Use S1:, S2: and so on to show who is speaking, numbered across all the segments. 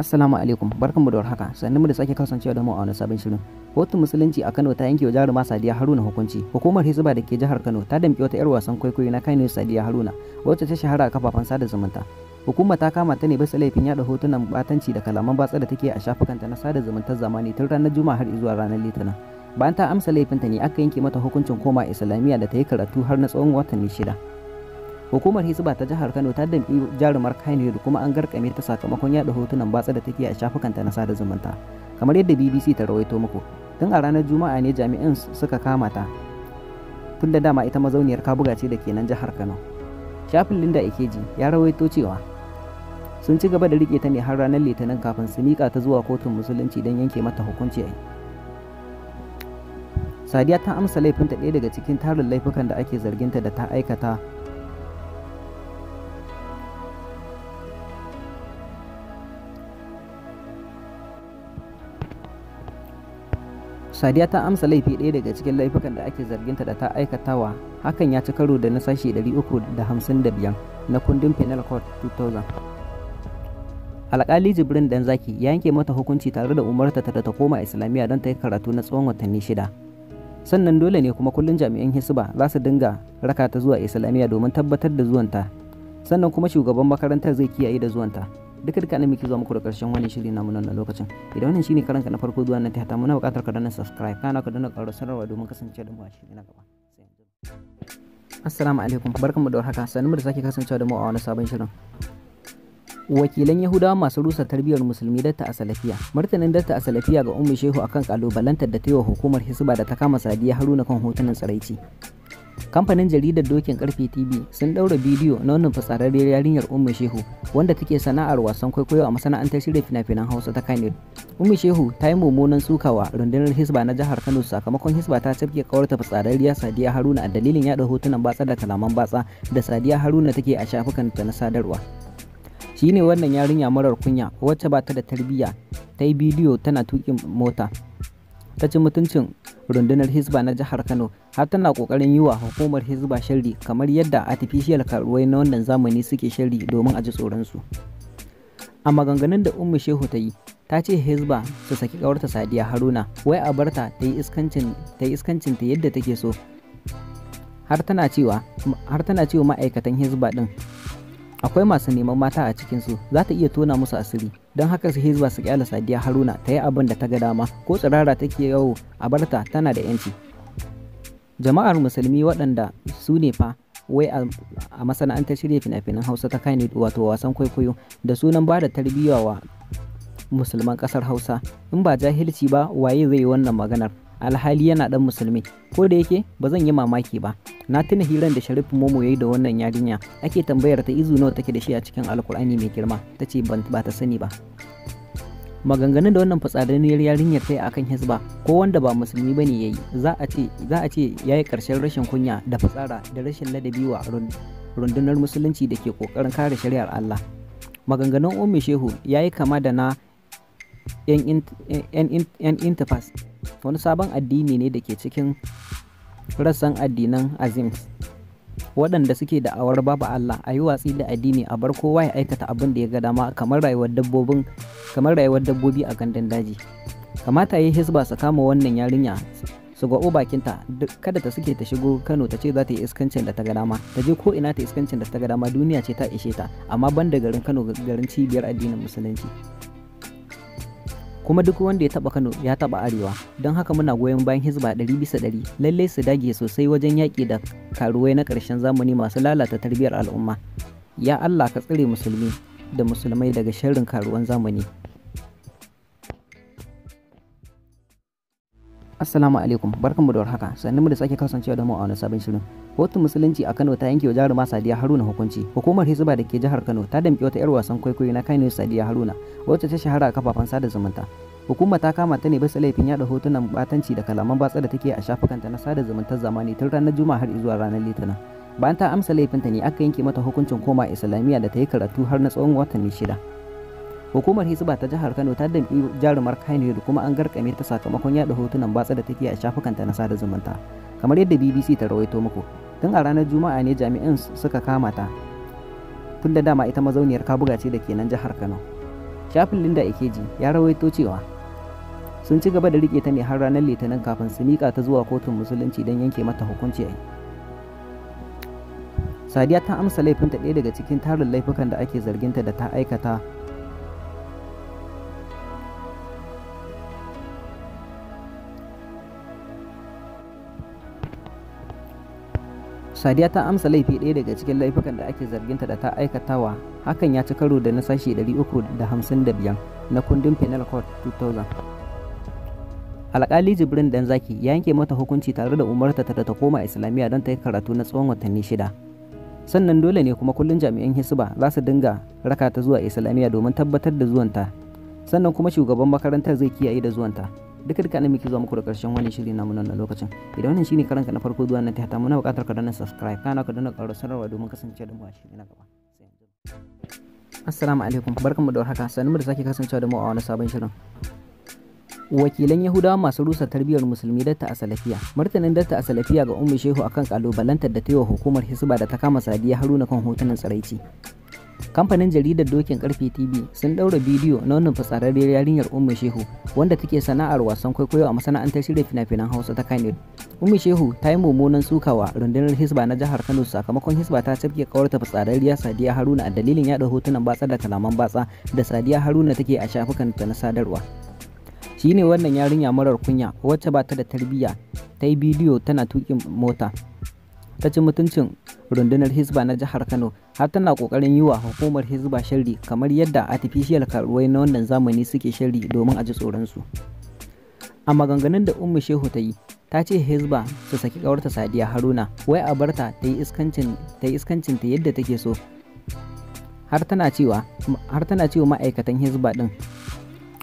S1: Assalamu alaikum barkanmu da warhaka sannan mu da sake kasancewa da mu a wani sabon shirin kotun musulunci a Kano ta yanke wa jaruma Sadiya Haruna hukunci hukumar Hizba da ke jihar Kano ta damƙe wata 'yar wasan kwaikwayo na Kano Sadiya Haruna wacce ta shahara a kafafen sada zumunta hukuma ta kama ta ne bisa laifin yada hotunan batanci da kalaman batsa da take a shafukanta na sada zumuntar zamani tun ranar Juma'a har zuwa ranar Litinin bayan ta amsa laifinta ne aka yanke mata hukuncin koma Islamiyya da ta yi karatu har na tsawon watanni shida hukumar hisba ta jihar kano ta damƙi jarumar kaine da kuma an garkame ta sakamakon yada hotunan batsa da take a shafukanta na sada zumunta kamar yadda bbc ta rawaito muku tun a ranar juma'a ne jami'an suka kama ta tun da dama ita mazauniyar kabuga ce da ke nan jihar kano shafin linda ikeji ya rawaito cewa sun ci gaba da rike ta ne har ranar litinin kafin su miƙa ta zuwa kotun musulunci don yanke mata hukunci sadiya ta amsa laifinta ɗaya daga cikin tarin laifukan da ake zargin ta da ta aikata Sadiya ta amsa laifi ɗaya daga cikin laifukan da ake zarginta da ta aikatawa hakan ya ci karo da na sashi 355 na kundin Penal Court 2000. Alƙali Jibrin Danzaki ya yanke mata hukunci tare da umarta ta ta koma Islamiyya don ta yi karatu na tsawon watanni shida. Sannan dole ne kuma kullum jami'an Hisba za su dinga raka ta zuwa Islamiyya domin tabbatar da zuwanta. Sannan kuma shugaban makarantar zai kiyaye da zuwanta. duka duka ne muke zuwa muku da karshen wani shiri namu nan lokacin idan wannan shine karanka na farko zuwa na ta hata muna bukatar ka danna subscribe kana ka danna ƙaro sanarwa domin kasance da mu a shiri na gaba assalamu alaikum barkanmu da warhaka sanmu da sake kasancewa da mu a wani sabon shirin wakilan yahudawa masu rusa tarbiyyar musulmi datta a salafiya martanin datta a salafiya ga ummi shehu akan kalubalantar da ta yi wa hukumar hisba da ta kama sadiya haruna kan hotunan tsaraici. kamfanin jaridar dokin karfe tv sun daura bidiyo na wannan fasararriyar yarinyar ummu shehu wanda take sana'ar wasan kwaikwayo a masana'antar shirya fina-finan hausa ta kanir ummu shehu ta yi mummunan sukawa rundunar hisba na jihar kano sakamakon hisba ta cafke kawarta fasararriya sadiya haruna a dalilin yada hotunan batsa da kalaman batsa da sadiya haruna take a shafukan ta na sadarwa shine wannan yarinya marar kunya wacce ba ta da tarbiyya ta yi bidiyo tana tukin mota ta ci mutuncin rundunar hisba na jihar kano har tana kokarin yi wa hukumar hizba sharri kamar yadda artificial karuwai na wannan zamani suke sharri domin a ji tsoronsu a maganganun da ummu shehu ta yi ta ce hizba su saki kawarta sadiya haruna wai a barta ta yi iskancin ta iskancin ta yadda take so har tana cewa har tana cewa ma'aikatan hizba din akwai masu neman mata a cikinsu za ta iya tona musu asiri don haka su hizba su kyala sadiya haruna ta yi abin da ta ga dama ko tsirara take yawo a barta tana da yanci jama'ar musulmi waɗanda su ne fa wai a masana'antar shirya fina-finan hausa ta kai wato wasan kwaikwayo da sunan ba da tarbiyya wa musulman ƙasar hausa in ba jahilci ba waye zai yi wannan maganar alhali yana ɗan musulmi ko da yake ba zan yi mamaki ba na tuna hiran da sharif momo yi da wannan yarinya ake tambayar ta izu nawa take da shi a cikin alkur'ani mai girma ta ce ba ta sani ba maganganu da wannan fitsariniyar yarinyar ta yi kan Hisba, ko wanda ba musulmi ba ne ya yi za a ce za ya yi ƙarshen rashin kunya da fitsara da rashin ladabi wa rundunar musulunci da ke ƙoƙarin kare shari'ar Allah maganganun ummi shehu ya yi kama da na yan intifas wani sabon addini ne da ke cikin rassan addinan azims waɗanda suke da awar babu Allah a yi watsi da addini a bar kowa ya aikata abin da ya ga dama kamar rayuwar dabbobin kamar rayuwar dabbobi a gandun daji kamata yi hisba su kama wannan yarinya su ga bakinta kada ta suke ta shigo Kano ta ce za ta yi iskancin da ta ga dama ta je ko ina ta iskancin da ta ga dama duniya ce ta ishe ta amma ban da garin Kano garin cibiyar addinin musulunci kuma duk wanda ya taba Kano ya taba Arewa don haka muna goyon bayan Hizba 100 bisa 100 lallai su dage sosai wajen yaƙi da karuwai na ƙarshen zamani masu lalata tarbiyyar al'umma ya Allah ka tsire musulmi da musulmai daga sharrin karuwan zamani Assalamu alaikum barkanmu da warhaka mu da sake kasancewa da mu a wani sabon shirin Hotun musulunci a Kano ta yanke wa jaruma Sadiya Haruna hukunci hukumar Hizba da ke jihar Kano ta damƙi wata 'yar wasan kwaikwayo na Kano Sadiya Haruna wacce ta shahara a kafafen sada zumunta hukuma ta kama ta ne bisa laifin yada hotunan batanci da kalaman batsa da take a shafukanta na sada zumuntar zamani tun ranar Juma'a har zuwa ranar Litinin bayan ta amsa laifinta ne aka yanke mata hukuncin koma Islamiyya da ta yi karatu har na tsawon watanni shida hukumar hisba ta jihar kano ta damƙi jarumar kaine kuma an garkame ta sakamakon yada hotunan batsa da take a shafukanta na sada zumunta kamar yadda bbc ta rawaito muku tun a ranar juma'a ne jami'an suka kama ta tun da dama ita mazauniyar kabuga ce da ke nan jihar kano shafin linda ikeji ya rawaito cewa sun ci gaba da rike ta ne har ranar litinin kafin su mika ta zuwa kotun musulunci don yanke mata hukunci sadiya ta amsa laifinta ɗaya daga cikin tarin laifukan da ake zarginta da ta aikata sadiya ta amsa laifi ɗaya daga cikin laifukan da ake ta da ta aikatawa hakan ya ci karo da na sashe 355 na kundin penal Court 2000 alƙali jibrin dan zaki ya yanke mata hukunci tare da umarta ta ta koma islamiyya don ta yi karatu na tsawon watanni shida sannan dole ne kuma kullum jami'an hisba za su dinga rakata zuwa islamiyya domin tabbatar da zuwanta sannan kuma shugaban makarantar zai kiyaye da zuwanta duka duka muke zuwa muku da karshen wannan shiri namu nan lokacin idan wannan shine karanka na farko zuwa nan ta hata muna bukatar ka danna subscribe kana ka danna karo sanarwa domin kasance da mu a shiri na gaba assalamu alaikum barkanmu da warhaka sanin mu da sake kasancewa da mu a wani sabon shirin wakilan yahudawa masu rusa tarbiyyar musulmi datta a salafiya martanin datta a salafiya ga ummi shehu akan kalubalantar da ta yi wa hukumar hisba da ta kama sadiya haruna kan hotunan tsaraici. kamfanin jaridar dokin karfe tv sun daura bidiyo na wannan fasararriyar yarinyar ummu shehu wanda take sana'ar wasan kwaikwayo a masana'antar shirya fina-finan hausa ta kano ummu shehu ta yi mummunan sukawa rundunar hisba na jihar kano sakamakon hisba ta cafke kawarta fasararriya sadiya haruna a dalilin yada hotunan batsa da kalaman batsa da sadiya haruna take a shafukan ta na sadarwa shine wannan yarinya marar kunya wacce ba ta da tarbiyya ta yi bidiyo tana tukin mota ta ci mutuncin rundunar Hizba na jihar Kano har tana kokarin yi wa hukumar Hizba sharri kamar yadda artificial karuwai na wannan zamani suke sharri domin a ji tsoronsu. A maganganun da Ummu Shehu ta yi, ta ce Hizba su saki kawarta Sadiya Haruna, wai a barta ta yi iskancin ta yadda take so. Har tana cewa har tana cewa ma'aikatan Hizba din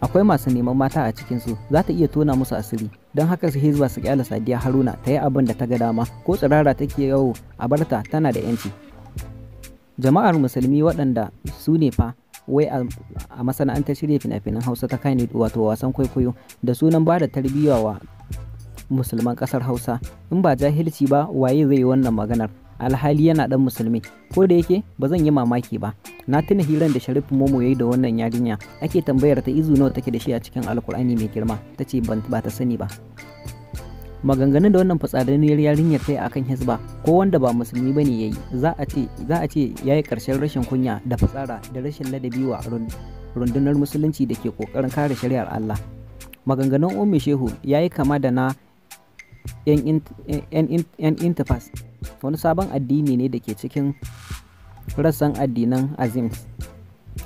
S1: akwai masu neman mata a cikinsu za ta iya tona musu asiri don haka su hizba su kyala sadiya haruna ta yi abin da ta ga dama ko tsirara take yawo a barta tana da yanci jama'ar musulmi waɗanda su ne fa wai a masana'antar shirya fina-finan hausa ta kane wato wasan kwaikwayo da sunan ba da tarbiyya wa musulman ƙasar hausa in ba jahilci ba waye zai yi wannan maganar alhali yana dan musulmi ko da yake ba zan yi mamaki ba na tuna hirar da sharif momo yayi da wannan yarinya ake tambayar ta izu nawa take da shi a cikin alkur'ani mai girma ta ce ba ta sani ba maganganun da wannan fitsariniyar yarinyar ta yi akan hizba ko wanda ba musulmi bane yayi za a ce ya yi ce karshen rashin kunya da fitsara da rashin ladabi wa rundunar musulunci da ke kokarin kare shari'ar Allah maganganun ummi shehu ya yi kama da na yan intifas wani sabon addini ne da ke cikin rassan addinan azim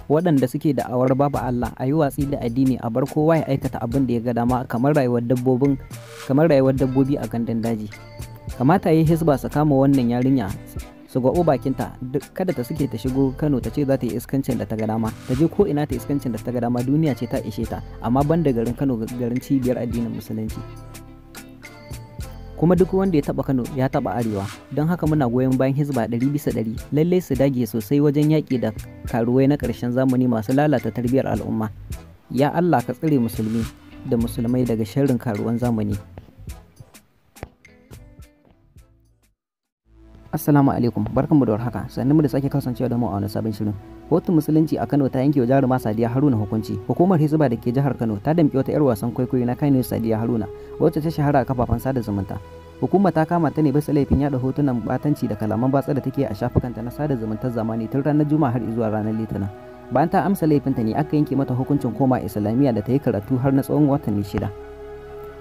S1: waɗanda suke da awar babu Allah a yi watsi da addini a bar kowa ya aikata abin da ya ga dama kamar rayuwar dabbobin kamar rayuwar dabbobi a gandun daji kamata yi hisba su kama wannan yarinya su gwabo bakinta kada ta suke ta shigo Kano ta ce za ta yi iskancin da ta ga dama ta je ko ina ta iskancin da ta ga dama duniya ce ta ishe ta amma ban da garin Kano garin cibiyar addinin musulunci kuma duk wanda ya taba Kano ya taba Arewa don haka muna goyon bayan Hizba 100 100 lallai su dage sosai wajen yaƙi da karuwai na ƙarshen zamani masu lalata tarbiyyar al'umma ya Allah ka tsire musulmi da musulmai daga sharrin karuwan zamani Assalamu alaikum barkanmu da warhaka sannan mu da sake kasancewa da mu a wani sabon shirin kotun musulunci a Kano ta yanke wa jaruma Sadiya Haruna hukunci hukumar Hizba da ke jihar Kano ta damƙe wata 'yar wasan kwaikwayo na Kano Sadiya Haruna wacce ta shahara a kafafen sada zumunta hukuma ta kama ta ne bisa laifin yada hotunan batanci da kalaman batsa da take a shafukanta na sada zumuntar zamani tun ranar Juma'a har zuwa ranar Litinin bayan ta amsa laifinta ne aka yanke mata hukuncin koma Islamiyya da ta yi karatu har na tsawon watanni shida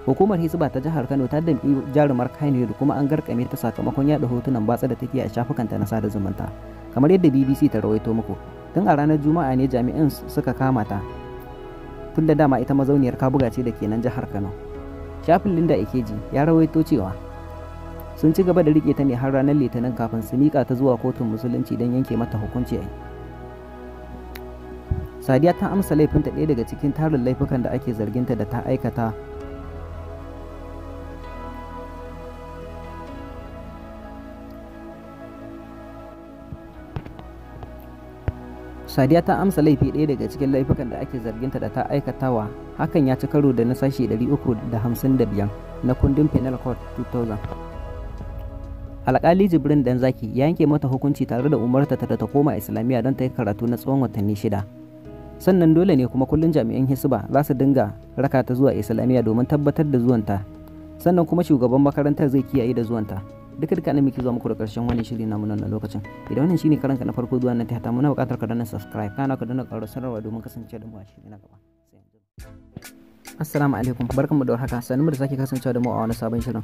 S1: hukumar hisba ta jihar kano ta damƙi jarumar kainu da kuma an garkame ta sakamakon yada hotunan batsa da take a shafukanta na sada zumunta kamar yadda bbc ta rawaito muku tun a ranar juma'a ne jami'an suka kama ta tun da dama ita mazauniyar kabuga ce da ke nan jihar kano shafin linda ikeji ya rawaito cewa sun ci gaba da rike ta ne har ranar litinin kafin su miƙa ta zuwa kotun musulunci don yanke mata hukunci a sadiya ta amsa laifinta ɗaya daga cikin tarin laifukan da ake zarginta da ta aikata Sadiya ta amsa laifi ɗaya daga cikin laifukan da ake zarginta da ta aikatawa hakan ya ci karo da na sashi 355 na kundin Penal Code 2000. Alƙali Jibrin Danzaki ya yanke mata hukunci tare da umarta ta ta koma Islamiyya don ta yi karatu na tsawon watanni shida. Sannan dole ne kuma kullum jami'an Hisba za su dinga raka ta zuwa Islamiyya domin tabbatar da zuwanta. Sannan kuma shugaban makarantar zai kiyaye da zuwanta. duka duka nan muke zuwa muku da karshen wannan shiri namu nan lokacin idan wannan shine karanka na farko zuwa nan ta hata muna bukatar ka danna subscribe kana ka danna karo sanarwa domin kasance da mu a shiri na gaba assalamu alaikum barkanmu da warhaka sanin mu da sake kasancewa da mu a wani sabon shirin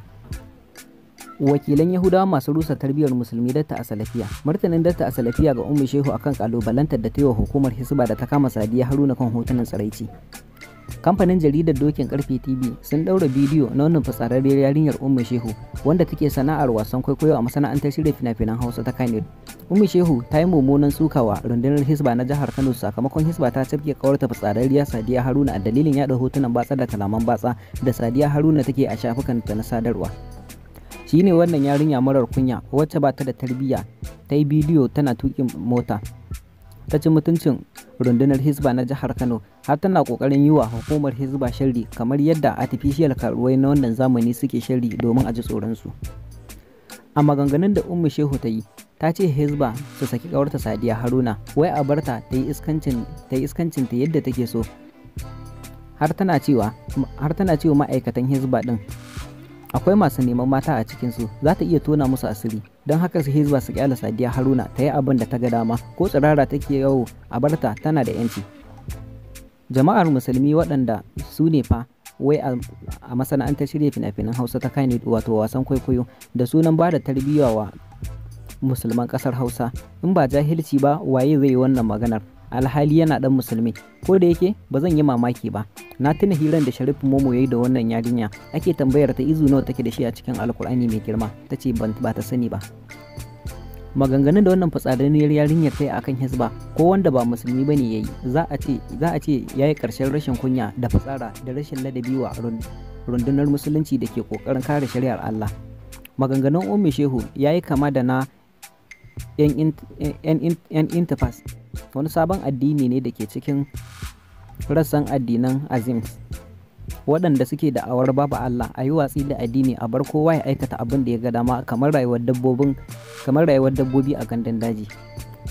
S1: wakilan yahudawa masu rusa tarbiyyar musulmi datta a salafiya martanin datta a salafiya ga ummi shehu akan kalubalantar da ta yi wa hukumar hisba da ta kama sadiya haruna kan hotunan tsaraici. kamfanin jaridar dokin karfe tv sun daura bidiyo na wannan fasararriyar yarinyar ummu shehu wanda take sana'ar wasan kwaikwayo a masana'antar shirya fina-finan hausa ta kano ummu shehu ta yi mummunan sukawa rundunar hisba na jihar kano sakamakon hisba ta cafke kawarta fasararriya sadiya haruna a dalilin yada hotunan batsa da kalaman batsa da sadiya haruna take a shafukan ta na sadarwa shine wannan yarinya marar kunya wacce ba ta da tarbiyya ta yi bidiyo tana tukin mota ta ci mutuncin rundunar Hisba na jihar kano har tana kokarin yi wa hukumar Hisba sharri kamar yadda artificial karuwai na wannan zamani suke sharri domin a ji tsoronsu a maganganun da ummu shehu ta yi ta ce hizba su saki kawarta sadiya haruna wai a barta ta yi iskancin ta yadda take so har tana cewa har tana cewa ma'aikatan hizba din akwai masu neman mata a cikinsu za ta iya tona musu asiri don haka su hizba su kyala sadiya haruna ta yi abin da ta ga dama ko tsirara take yawo a barta tana da yanci jama'ar musulmi waɗanda su ne fa wai a masana'antar shirya fina-finan hausa ta kane wato wasan kwaikwayo da sunan ba da tarbiyya wa musulman ƙasar hausa in ba jahilci ba waye zai yi wannan maganar alhali yana dan musulmi ko da yake ba zan yi mamaki ba na tuna hiran da sharif momo yayi da wannan yarinya ake tambayar ta izu nawa take da shi a cikin alkur'ani mai girma ta ce ba ta sani ba maganganun da wannan fitsariniyar yarinyar ta yi akan hisba ko wanda ba musulmi bane yayi za a ce za a ce yayi karshen rashin kunya da fitsara da rashin ladabi wa rundunar musulunci da ke kokarin kare shari'ar Allah maganganun ummi shehu yayi kama da na 'yan intifas wani sabon addini ne da ke cikin rassan addinan azims waɗanda suke da awar babu Allah a yi watsi da addini a bar kowa ya aikata abin da ya ga dama kamar rayuwar dabbobin kamar rayuwar dabbobi a gandun daji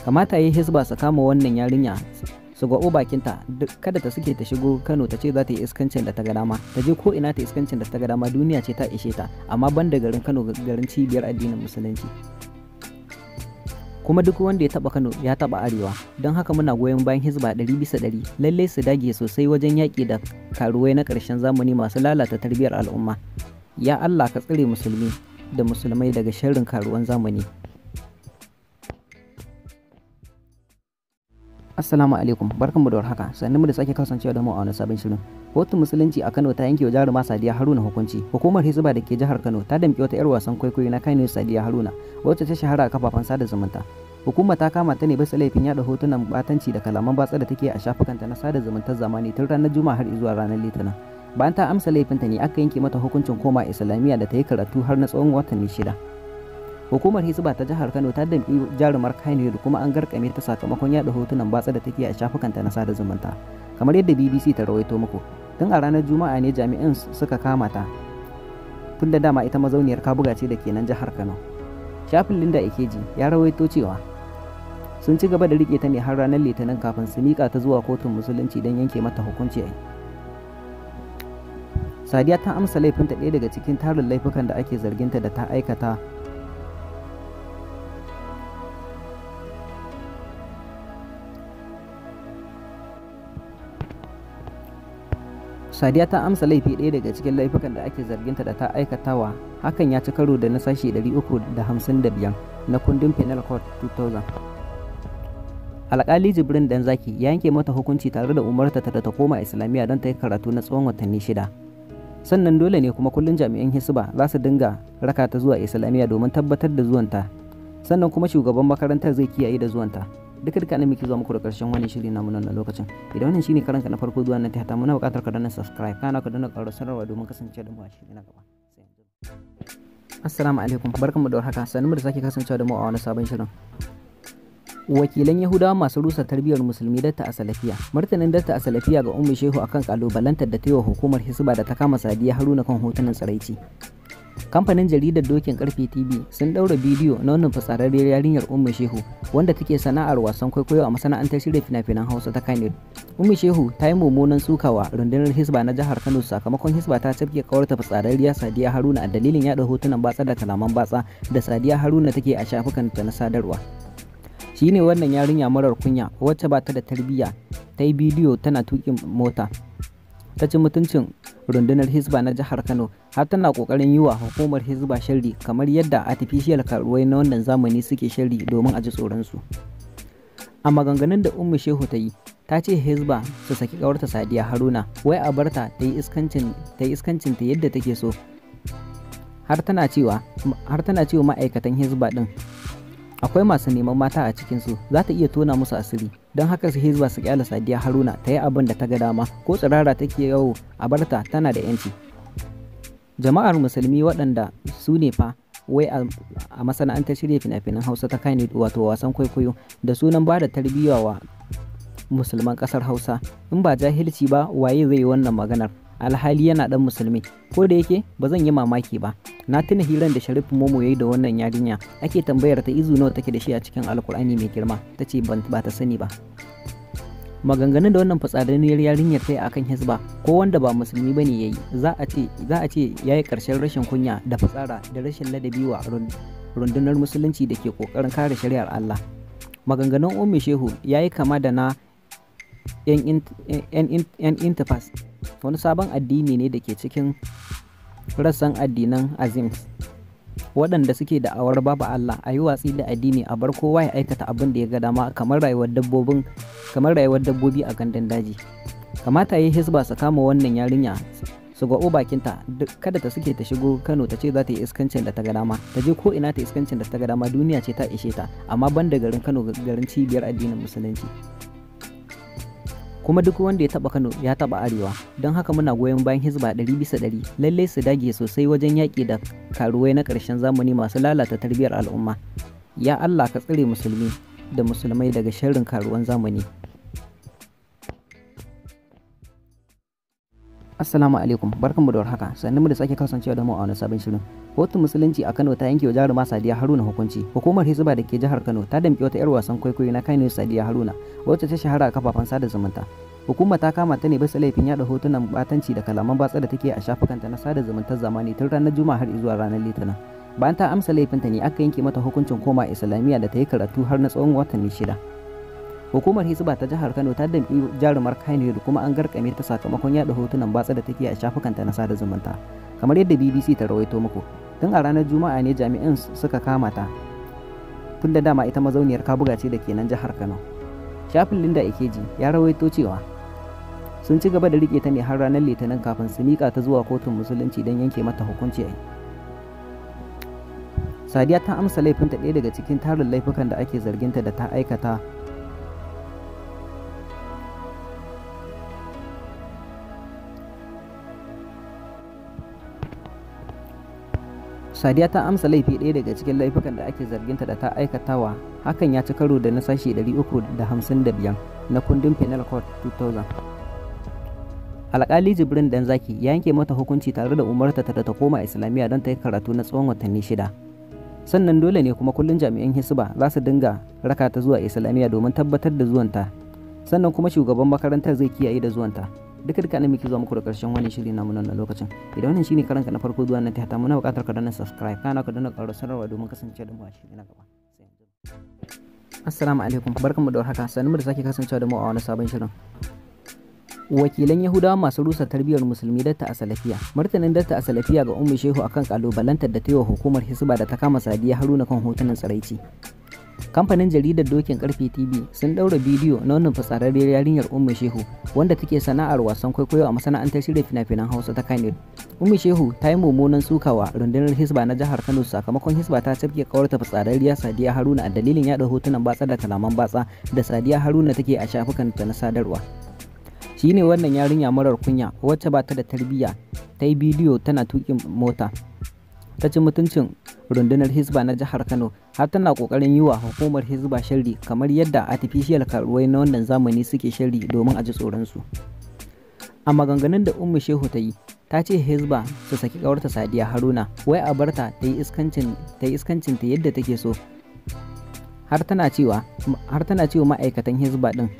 S1: kamata yi hisba su kama wannan yarinya su gwabo bakinta kada ta suke ta shigo Kano ta ce za ta yi iskancin da ta ga dama ta je ko ina ta iskancin da ta ga dama duniya ce ta ishe ta amma ban da garin Kano garin cibiyar addinin musulunci kuma duk wanda ya taba Kano ya taba Arewa don haka muna goyon bayan Hizba 100 bisa 100 lalle su dage sosai wajen yaƙi da karuwai na ƙarshen zamani masu lalata tarbiyar al'umma ya Allah ka tsire musulmi da musulmai daga sharrin karuwan zamani Assalamu alaikum barkanmu da warhaka sannan mu da sake kasancewa da mu a wani sabon shirin kotun musulunci a Kano ta yanke wa jaruma Sadiya Haruna hukunci hukumar Hizba da ke jihar Kano ta damƙi wata 'yar wasan kwaikwayo na Kano Sadiya Haruna wacce ta shahara a kafafen sada zumunta hukuma ta kama ta ne bisa laifin yada hotunan batanci da kalaman batsa da take a shafukanta na sada zumuntar zamani tun ranar Juma'a har zuwa ranar Litinin bayan ta amsa laifinta ne aka yanke mata hukuncin koma Islamiyya da ta yi karatu har na tsawon watanni shida hukumar hisba ta jihar kano ta damƙi jarumar kainiyo da kuma an garkame ta sakamakon yada hotunan batsa da take a shafukanta na sada zumunta kamar yadda bbc ta rawaito muku tun a ranar juma'a ne jami'an suka kama ta tun da dama ita mazauniyar kabuga ce da ke nan jihar kano shafin linda ikeji ya rawaito cewa sun ci gaba da rike ta ne har ranar litinin kafin su miƙa ta zuwa kotun musulunci don yanke mata hukunci a sadiya ta amsa laifinta ɗaya daga cikin tarin laifukan da ake zargin ta da ta aikata Sadiya ta amsa laifi ɗaya daga cikin laifukan da ake ta da ta aikatawa hakan ya ci karo da na sashi 355 na kundin Penal Court 2000. Alƙali Jibrin Danzaki ya yanke mata hukunci tare da umarta ta ta koma Islamiyya don ta yi karatu na tsawon watanni shida. Sannan dole ne kuma kullum jami'an Hisba za su dinga raka ta zuwa Islamiyya domin tabbatar da zuwanta. Sannan kuma shugaban makarantar zai kiyaye da zuwanta. duka duka ne muke zuwa muku da karshen wannan shiri namu nan lokacin idan wannan shine karanka na farko zuwa nan tata muna buƙatar ka danna subscribe kana ka danna karo sanarwa domin kasance da mu a shiri na gaba Assalamu alaikum barkanmu da warhaka sanin da sake kasancewa da mu a wani sabon shirin wakilan yahudawa masu rusa tarbiyar musulmi datta a salafiya martanin datta a salafiya ga ummi shehu akan kalubalantar da ta yi wa hukumar hisba da ta kama sadiya haruna kan hotunan tsaraici. kamfanin jaridar dokin karfe tv sun daura bidiyo na wannan fasararriyar yarinyar umar shehu wanda take sana'ar wasan kwaikwayo a masana'antar shirya fina-finan hausa ta kano umar shehu ta yi mummunan sukawa rundunar hisba na jihar kano sakamakon hisba ta cafke kawarta fasararriya sadiya haruna a dalilin yada hotunan batsa da kalaman batsa da sadiya haruna take a shafukanta na sadarwa shi ne wannan yarinya marar kunya wacce ba ta da tarbiyya ta yi bidiyo tana tukin mota ta ci mutuncin rundunar Hisba na jihar Kano har tana kokarin yi wa hukumar Hisba sharri kamar yadda artificial karuwai na wannan zamani suke sharri domin a ji tsoronsu. A maganganun da Ummu Shehu ta yi, ta ce Hisba su saki kawarta Sadiya Haruna, wai a barta ta yi iskancin ta yadda take so. Har tana cewa ma'aikatan Hisba din akwai masu neman mata a cikinsu za ta iya tona musu asiri don haka su hizba su kyala sadiya haruna ta yi abin da ta ga dama ko tsirara take yawo a barta tana da yanci jama'ar musulmi waɗanda su ne fa wai a masana'antar shirya fina-finan hausa ta kane wato wasan kwaikwayo da sunan ba da tarbiyya wa musulman ƙasar hausa in ba jahilci ba waye zai yi wannan maganar alhali yana dan musulmi ko da yake ba zan yi mamaki ba na tuna hiran da sharif momo yayi da wannan yarinya ake tambayar ta izu nawa take da shi a cikin alkur'ani mai girma ta ce ba ta sani ba maganganun da wannan fitsariniyar yarinyar ta yi akan hisba ko wanda ba musulmi bane yayi za a ce za a ce yayi karshen rashin kunya da fitsara da rashin ladabi wa rundunar musulunci da ke kokarin kare shari'ar Allah maganganun ummi shehu yayi kama da na yan intifas wani sabon addini ne da ke cikin rassan addinan azim waɗanda suke da awar babu Allah a yi watsi da addini a bar kowa ya aikata abin da ya ga dama kamar rayuwar dabbobin kamar rayuwar dabbobi a gandun daji kamata yi hisba su kama wannan yarinya su ga bakinta duk kada ta suke ta shigo Kano ta ce za ta yi iskancin da ta ga dama ta je ko ina ta iskancin da ta ga dama duniya ce ta ishe ta amma ban da garin Kano garin cibiyar addinin musulunci kuma duk wanda ya taba Kano ya taba Arewa don haka muna goyon bayan Hizba 100 bisa 100 lalle su dage sosai wajen yaƙi da karuwai na ƙarshen zamani masu lalata tarbiyyar al'umma ya Allah ka tsire musulmi da musulmai daga sharrin karuwan zamani Assalamu alaikum mu da warhaka sannan mu da sake kasancewa da mu a wani sabon shirin kotun musulunci a Kano ta yanke wa jaruma Sadiya Haruna hukunci hukumar hisba da ke jihar Kano ta damƙi wata yar wasan kwaikwayo na Kano Sadiya Haruna wacce ta shahara a kafafen sada zumunta hukuma ta kama ta ne bisa laifin yada hotunan batanci da kalaman batsa da take a shafukanta na sada zumuntar zamani tun ranar Juma'a har zuwa ranar Litinin bayan ta amsa laifinta ne aka yanke mata hukuncin koma Islamiyya da ta yi karatu har na tsawon watanni shida hukumar hisba ta jihar kano ta damƙi jarumar kainu da kuma an garkame ta sakamakon yada hotunan batsa da take a shafukanta na sada zumunta kamar yadda bbc ta rawaito muku tun a ranar juma'a ne jami'an suka kama ta tun da dama ita mazauniyar kabuga ce da nan jihar kano shafin linda ikeji ya rawaito cewa sun ci gaba da rike ta ne har ranar litinin kafin su miƙa ta zuwa kotun musulunci don yanke mata hukunci sadiya ta amsa laifinta ɗaya daga cikin tarin laifukan da ake zarginta da ta aikata Sadiya ta amsa laifi ɗaya daga cikin laifukan da ake zarginta da ta aikatawa hakan ya ci karo da na sashi 355 na kundin Penal Code 2000. Alƙali Jibrin zaki ya yanke mata hukunci tare da umarta ta da ta koma Islamiyya don ta yi karatu na tsawon watanni shida. Sannan dole ne kuma kullum jami'an Hisba za su dinga raka ta zuwa Islamiyya domin tabbatar da zuwanta. Sannan kuma shugaban makarantar zai kiyaye da zuwanta. duka duka ne muke zuwa muku da karshen wani shiri namu na lokacin idan wannan shine karanka na farko zuwa na tiyata muna bukatar ka danna subscribe kana ka danna karo sanarwa domin kasance da mu a shiri na gaba assalamu alaikum barkanmu da warhaka sanin da sake kasancewa da mu a wani sabon shirin wakilan yahudawa masu rusa tarbiyyar musulmi datta a salafiya martanin datta a salafiya ga ummi shehu akan kalubalantar da ta yi wa hukumar hisba da ta kama sadiya haruna kan hotunan tsaraici. kamfanin jaridar dokin karfe tv sun daura bidiyo na wannan fitsararriyar yarinyar ummu shehu wanda take sana'ar wasan kwaikwayo a masana'antar shirya fina-finan hausa ta kanil ummu shehu ta yi mummunan sukawa rundunar hisba na jihar kano sakamakon hisba ta cafke kawarta fasararriya sadiya haruna a dalilin yada hotunan batsa da kalaman batsa da sadiya haruna take a shafukan ta na sadarwa shi ne wannan yarinya marar kunya wacce ba ta da tarbiyya ta yi bidiyo tana tukin mota ta ci mutuncin rundunar hisba na jihar Kano har tana kokarin yi wa hukumar hisba sharri kamar yadda artificial karuwai na wannan zamani suke sharri domin a ji tsoronsu. A maganganun da Ummu Shehu ta yi, ta ce hisba su saki kawarta Sadiya Haruna wai a barta ta yi iskancin ta ta yadda take so. Har tana cewa har tana cewa ma'aikatan hisba din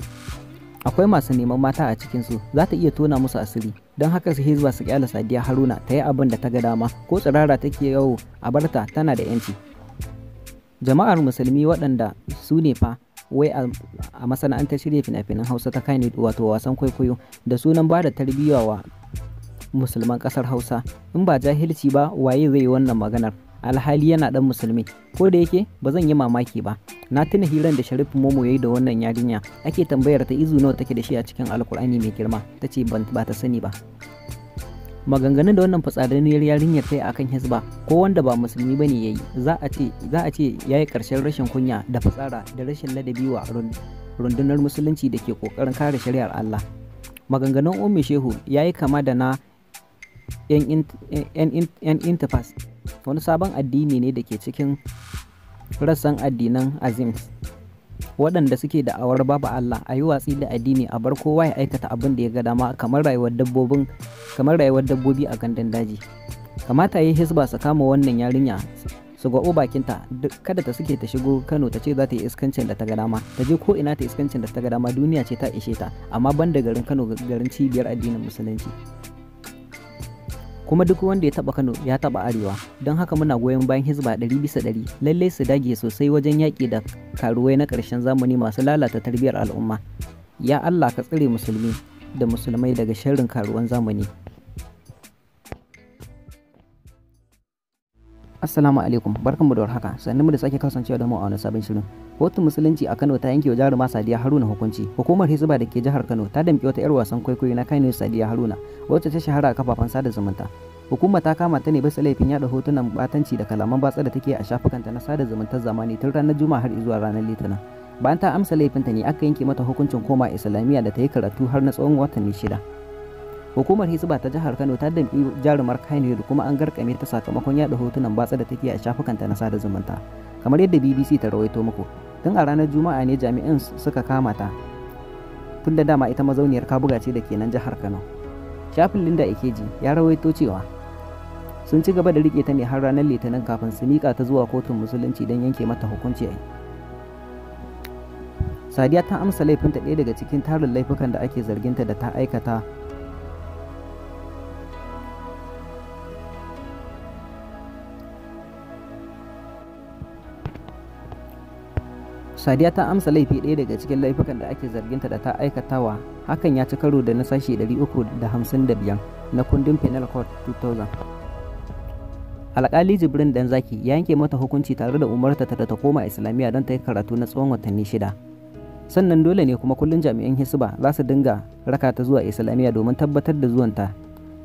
S1: akwai masu neman mata a cikinsu za ta iya tona musu asiri don haka su hizba su kyala sadiya haruna ta yi abin da ta ga dama ko tsirara take yawo a barta tana da yanci jama'ar musulmi waɗanda su ne fa wai a masana'antar shirya fina-finan hausa ta kainid wato wasan kwaikwayo da sunan ba da tarbiyya wa musulman ƙasar hausa in ba jahilci ba waye zai yi wannan maganar alhali yana ɗan musulmi ko da yake ba zan yi mamaki ba na tuna hiran da sharif momo yayi da wannan yarinya ake tambayar ta izu nawa take da shi a cikin alkur'ani mai girma ta ce ba ta sani ba maganganun da wannan fatsadaniyar yarinyar ta yi akan hisba ko wanda ba musulmi bane ya yi za a ce za a ce ya yi ƙarshen rashin kunya da fatsara da rashin ladabi wa rundunar musulunci da ke kokarin kare shari'ar Allah maganganun ummi shehu ya yi kama da na 'yan intifas wani sabon addini ne da ke cikin rassan addinan azim waɗanda suke da'awar babu Allah a yi watsi da addini a bar kowa ya aikata abin da ya ga dama kamar rayuwar dabbobin kamar rayuwar dabbobi a gandun daji kamata yi hisba su kama wannan yarinya su ga bakinta kada ta suke ta shigo Kano ta ce za ta yi iskancin da ta ga dama ta je ko ina ta iskancin da ta ga dama duniya ce ta ishe ta amma ban da garin Kano garin cibiyar addinin musulunci kuma duk wanda ya taba Kano ya taba Arewa don haka muna goyon bayan Hizba 100 100 lallai su dage sosai wajen yaƙi da karuwai na ƙarshen zamani masu lalata tarbiyyar al'umma ya Allah ka tsire musulmi da musulmai daga sharrin karuwan zamani Assalamu alaikum barkanmu da haka. Sannan mu da sake kasancewa da mu a wani sabon shirin kotun musulunci a Kano ta yanke wa jaruma Sadiya Haruna hukunci hukumar Hizba da ke jihar Kano ta damƙi wata 'yar wasan kwaikwayo na Kano Sadiya Haruna wacce ta shahara a kafafen sada zumunta hukuma ta kama ta ne bisa laifin yada hotunan batanci da kalaman batsa da take a shafukanta na sada zumuntar zamani tun ranar Juma'a har zuwa ranar Litinin bayan ta amsa laifinta ne aka yanke mata hukuncin koma Islamiyya da ta yi karatu har na tsawon watanni shida hukumar hisba ta jihar kano ta dambi jarumar kaine da kuma an garkame ta sakamakon yada hotunan batsa da take a ta na sada zumunta kamar yadda bbc ta rawaito muku tun a ranar juma'a ne jami'an suka kama ta tun da dama ita mazauniyar kabuga ce da ke nan jihar kano shafin linda ikeji ya rawaito cewa sun ci gaba da rike ta ne har ranar litinin kafin su miƙa ta zuwa kotun musulunci don yanke mata hukunci sadiya ta amsa laifinta ɗaya daga cikin tarin laifukan da ake zarginta da ta aikata Sadiya ta amsa laifi ɗaya daga cikin laifukan da ake zarginta da ta aikatawa hakan ya ci karo da na sashi 355 na kundin Penal Code 2000. Alƙali Jibrin zaki ya yanke mata hukunci tare da umarta ta ta koma Islamiyya don ta yi karatu na tsawon watanni shida. Sannan dole ne kuma kullum jami'an Hisba za su dinga raka ta zuwa Islamiyya domin tabbatar da zuwanta.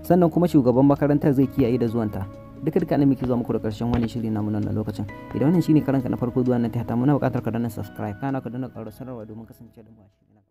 S1: Sannan kuma shugaban makarantar zai kiyaye da zuwanta. duka duka ne muke zuwa muku da karshen wani shiri namu nan lokacin idan wannan shine karanka na farko zuwa na ta muna bukatar ka danna subscribe kana ka danna karo sanarwa domin kasance da mu a shirin